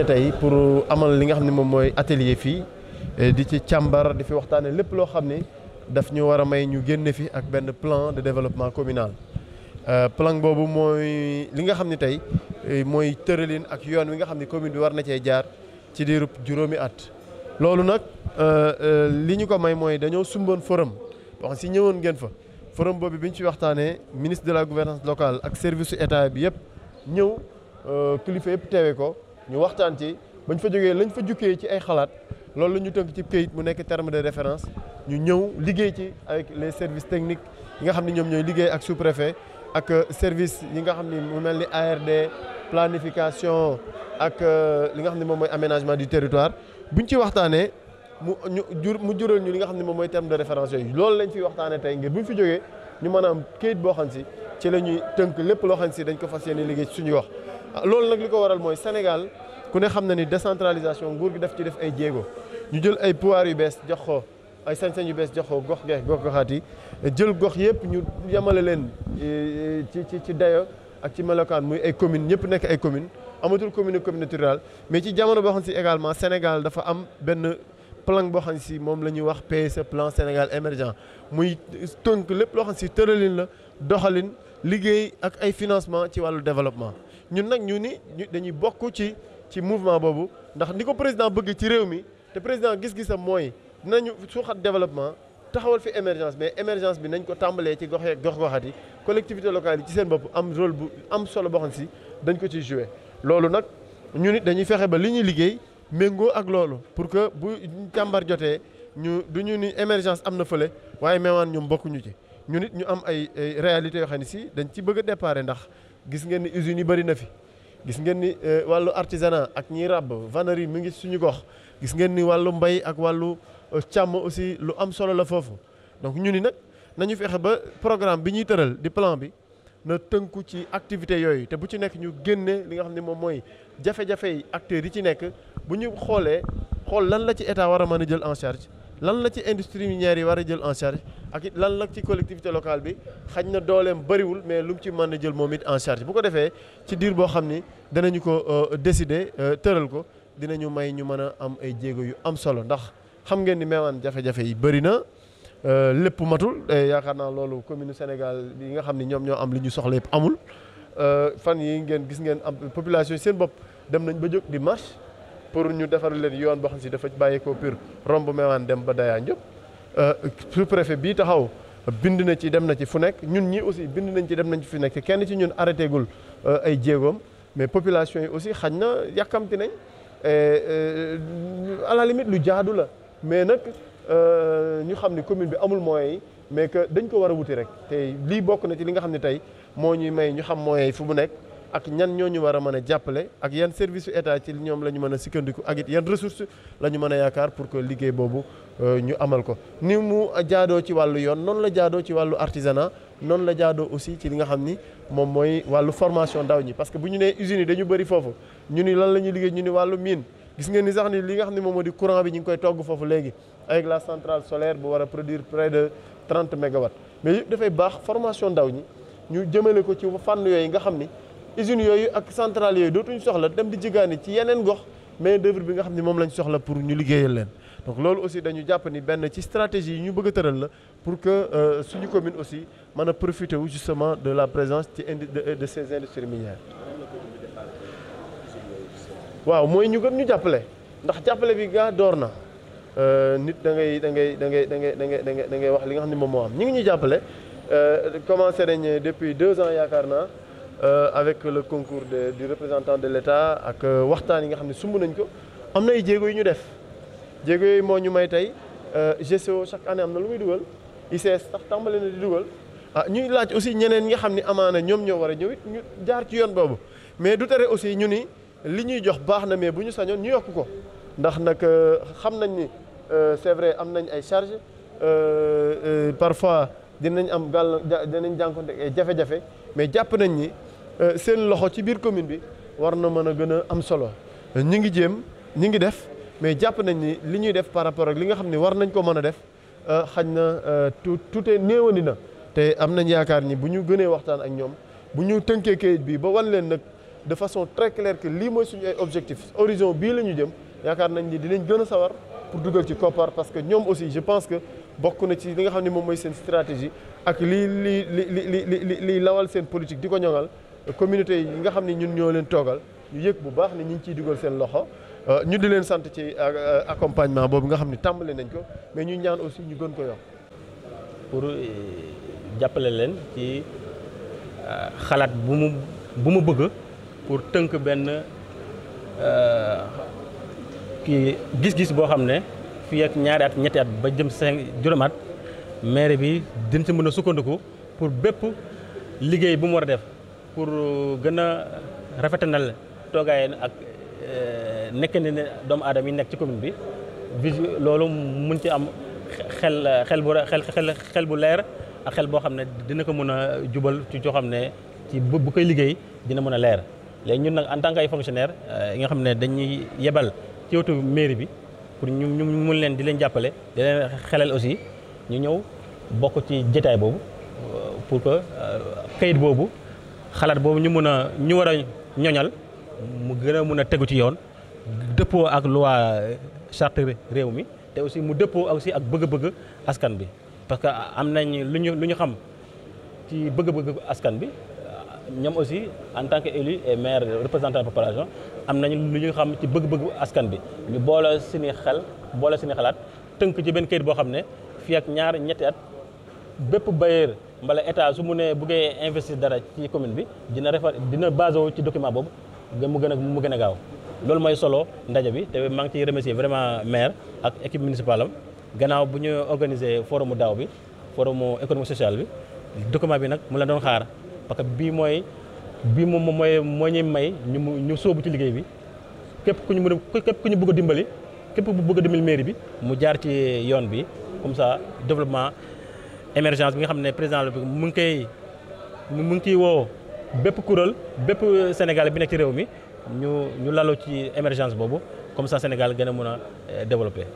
tey pour amal li nga xam ne moom mooy atelier fii eh, di ci càmbar di fi waxtaane lépp loo xam ne daf ñu war a may ñu génne fi ak benn plan de développement communal euh, plan boobu mooy li nga xam ne tey eh, mooy tëralin ak yoon wi nga xam ne commune bi war na cee jaar ci diirub juróomi at loolu nag euh, euh, li ñu ko may mooy dañoo sumboon forum wax si ñëwoon ngeen fa forum boobu bi ñu ci waxtaanee ministre de la gouvernance locale ak service su état bi yëpp ñëw kilifa yëpp teewe ko ñu waxtaan ci bañ fa jógee lañ fa jukkee ci ay xalaat loolu la ñu tënk ci kayit mu nekk terme de référence ñu ñëw liggéey ci avec les services techniques yi nga xam ne ñoom ñooy liggéey ak sous ak euh, service yi nga xam ne mu mel ni ARD planification ak euh, li nga xam ne moom mooy aménagement du territoire buñ ci waxtaanee mu ñu jur mu jural ñu li nga xam ne moom mooy terme de référence yooyu loolu lañ fiy waxtaanee tey ngir buñ fi jógee ñu mën a am këyit boo xam si ci la ñuy tënk lépp loo xam si dañ ko fas yéene liggéey ci suñuy wax loolu nag li ko waral mooy Sénégal ku ne xam na ni décentralisation nguur gi def ci def ay jéego ñu jël ay pouvoir yu bees jox ko ay sañ-sañ yu bees jox ko gox geex gox goxaat yi jël gox yëpp ñu yemale leen e, ci ci ci dayo ak ci melokaan muy ay commune ñëpp nekk ay commune amatul commune communauté rurale mais ci jamono boo xam si également Sénégal dafa am benn plan boo xam si moom la ñuy wax PSE plan Sénégal émergent muy tënk lépp loo xam si tëralin la doxalin liggéey ak ay financement ci wàllu développement ñun nag ñu bokk ci ci mouvement boobu ndax ni ko président bëgg ci réew mi te président gis-gisam mooy dinañu suuxat développement taxawal fi émergence mais émergence bi nañ ko tàmbalee ci gox gox goxaat yi collectivité locale yi ci seen bopp am rôle bu am solo boo si dañ ko ciy joué. loolu nag ñu nit dañuy fexe ba li ñuy liggéey méngoo ak loolu pour que bu càmbar jotee ñu du ñu ni émergence am na fële waaye meewaan ñoom bokkuñu ci ñu nit ñu am ay réalité yoo xam ne si dañ ci bëgg a déparé ndax gis ngeen ni usines yi bëri na fi. gis ngeen ni eh, wàllu artisanat ak ñiy ràbb vannerie mi ngi suñu gox gis ngeen ni wàllu mbay ak wàllu eh, càmm aussi lu am solo la foofu donc ñu ni nag nañu fexe ba programme bi ñuy tëral di plan bi na tënku ci activité yooyu te bu ci nekk ñu génne li nga xam ne moom mooy jafe-jafe yi acteurs yi ci nekk bu ñu xoolee xool lan la ci état war a mën a jël en charge lan la ci industrie minière yi war a jël en charge ak it lan la ci collectivité locale bi xaj na dooleem bariwul mais lu mu ci mën a jël moom it en charge bu ko defee ci diir boo xam ni danañu ko euh, décider euh, tëral ko dinañu may ñu mën a am ay jéego yu am solo ndax xam ngeen ni Mewane jafe-jafe yi bëri na euh, lépp matul yaakaar naa loolu commune Sénégal yi nga xam ni ñoom ñoo am li ñu soxla yëpp amul fan yi ngeen gis ngeen am population seen bopp dem nañ ba jóg di marche pour ñu defar leen yoon boo xam si dafa bàyyi ko Pire romb Mewane dem ba Daya Ndiop euh, sous-préfet bii taxaw bind na ci dem na ci fu nekk ñun ñii aussi bind nañ ci dem nañ ci fu nekk kenn ci ñun arrêté gul euh, ay jéegoom mais population yi aussi xañ na yàkkamti nañ euh, à la lu jaadu la mais nag ñu xam ni commune bi amul moyens yi mais que dañ ko war a wuti rek te lii bokk na ci li nga xam ne tey moo ñuy may ñu xam moyens yi fu mu nekk. ak ñan ñoo ñu war a mën a jàppale ak yan service su état ci ñoom la ñu mën a sikkandiku ak it yan ressources la ñu mën a yaakaar pour que liggéey boobu euh, ñu amal ko. ni mu jaadoo ci wàllu yoon noonu la jaadoo ci wàllu artisanat noonu la jaadoo aussi ci li nga xam ni moom mooy wàllu formation ndaw ñi parce que bu ñu nee usines yi dañu bëri foofu ñu ni lan lañuy ñuy liggéey ñu ni wàllu mine. gis nga ni sax ni li nga xam ne moom moo di courant bi ñu ngi koy togg foofu léegi avec la centrale solaire bu war a produire près de trente mégawatts mais yëpp dafay baax formation ndaw ñi ñu jëmale ko ci fànn yooyu nga xam ni usines yooyu ak centrales yooyu dootuñu soxla dem di jigaani ci yeneen gox mais d'œuvre bi nga xam ne moom lañu soxla pour ñu liggéeyal leen donc loolu aussi dañu jàpp ni benn ci stratégie yi ñu bëgg a tëral la pour que euh, suñu commune aussi mën a profiter wu justement de la présence ci de, de ces de minières waaw mooy ñu gën ñu jàppale ndax jàppale bi gaa door na euh, nit da ngay da ngay da ngay da ngay da ngay da ngay wax li nga xam ne moom moo am ñu ngi ñu jàppale euh, commencé nañ depuis deux ans yaakaar naa Euh, avec le concours de du représentant de l'État ak euh, waxtaan yi nga xam ne sumb nañ ko am na ay jéego yu ñu def jéego yooyu moo ñu may tey euh, GCO chaque année am na lu muy dugal ICS sax tàmbali na di dugal ah ñuy laaj aussi ñeneen ñi nga xam ne amaana ñoom ñoo war a ñëw it ñu jaar ci yoon boobu mais du tere aussi ñu ni li ñuy jox baax na mais bu ñu sañoon ñu yokk ko ndax nag xam nañ ni c'est vrai am nañ ay charges parfois. dinañ am gàll dinañ jànkonte ay jafe-jafe mais jàpp nañ ni euh, seen loxo ci biir commune bi war na mën a gën a am solo ñi ngi jéem ñi ngi def mais jàpp nañ ñi li ñuy def par rapport ak li nga xam ni war nañ ko mën a def euh, xaj na euh, tout tout est néewandi na te am nañ yaakaar ni bu ñu gënee waxtaan ak ñoom bu ñu tënkee kayit bi ba wan leen nag de façon très claire que lii mooy suñu ay objectif horizon bii la ñu jëm yaakaar nañ ni dinañ gën a sawar pour dugal ci koppar que ñoom aussi je pense que bokk na ci li nga xam ne moom mooy seen stratégie ak lii li li li li lii lawal seen politique di ko ñoŋal communauté yi nga xam ne ñun ñoo leen toogal ñu yëg bu baax ne ñu ngi ciy dugal seen loxo euh, ñu di leen sant ci euh, euh, accompagnement boobu nga xam ne tàmbali nañ ko mais ñu ñaan aussi ñu gën ko yokk pour jàppale leen ci xalaat bu mu bu mu bëgg pour tënk benn kii gis-gis boo xam ne fii ak ñaari at ñetti at ba jëm cinq juróom at maire bi dina si mën a sukkandiku pour bépp liggéey bu mu war a def pour gën a rafetanal toogaay ak euh, nekk ni doomu aadam yi nekk ci commune bi visi loolu mun ci am xel xel bu xel xel bu leer ak xel boo xam ne dina ko mën a jubal ci coo xam ne ci bu koy liggéey dina mën a leer léegi nag en tant que euh, nga xam ne dañuy yebal ci wetu mairie bi pour ñu ñu mun leen di leen jàppale di leen xelal aussi ñu ñëw bokk ci jataay boobu euh, pour que euh, kayit boobu xalaat boobu ñu mën a ñu war a ñoñal mu gën a mun a tegu ci yoon dëppoo ak loi euh, charte réew mi te aussi mu dëppoo aussi ak bëgg-bëgg askan bi parce que am nañ lu ñu lu ñu xam ci bëgg-bëgg askan bi ñoom aussi en tant que élu et maire représentant de la population am nañu lu ñu xam ci bëgg-bëgg askan bi ñu boole suñu xel boole suñu xalaat tënk ci benn kayit boo xam ne fii ak ñaar ñetti at bépp bailleur mbala état su mu nee buggee investir dara ci commune bi dina référ dina basé wu ci document boobu mu gën a mu gën a gaaw loolu mooy solo ndaje bi te maa ngi ciy remercier vraiment maire ak équipe municipale am gannaaw bu ñu organiser forum daaw bi forum économique social bi bi nag mu la parce que bii mooy bii moom mooy moo ñu may ñu ñu sóobu ci liggéey bi képp ku ñu mën a képp ku ñu bugg a dimbali képp bu bëgg a dimbali mairie bi mu jaar ci yoon bi comme ça développement émergence bi nga xam ne président la mu ngi koy mu ngi ciy woo bépp kuréel bépp Sénégal bi nekk ci réew mi ñu ñu laloo ci émergence boobu comme ça Sénégal gën a mën a euh, développer.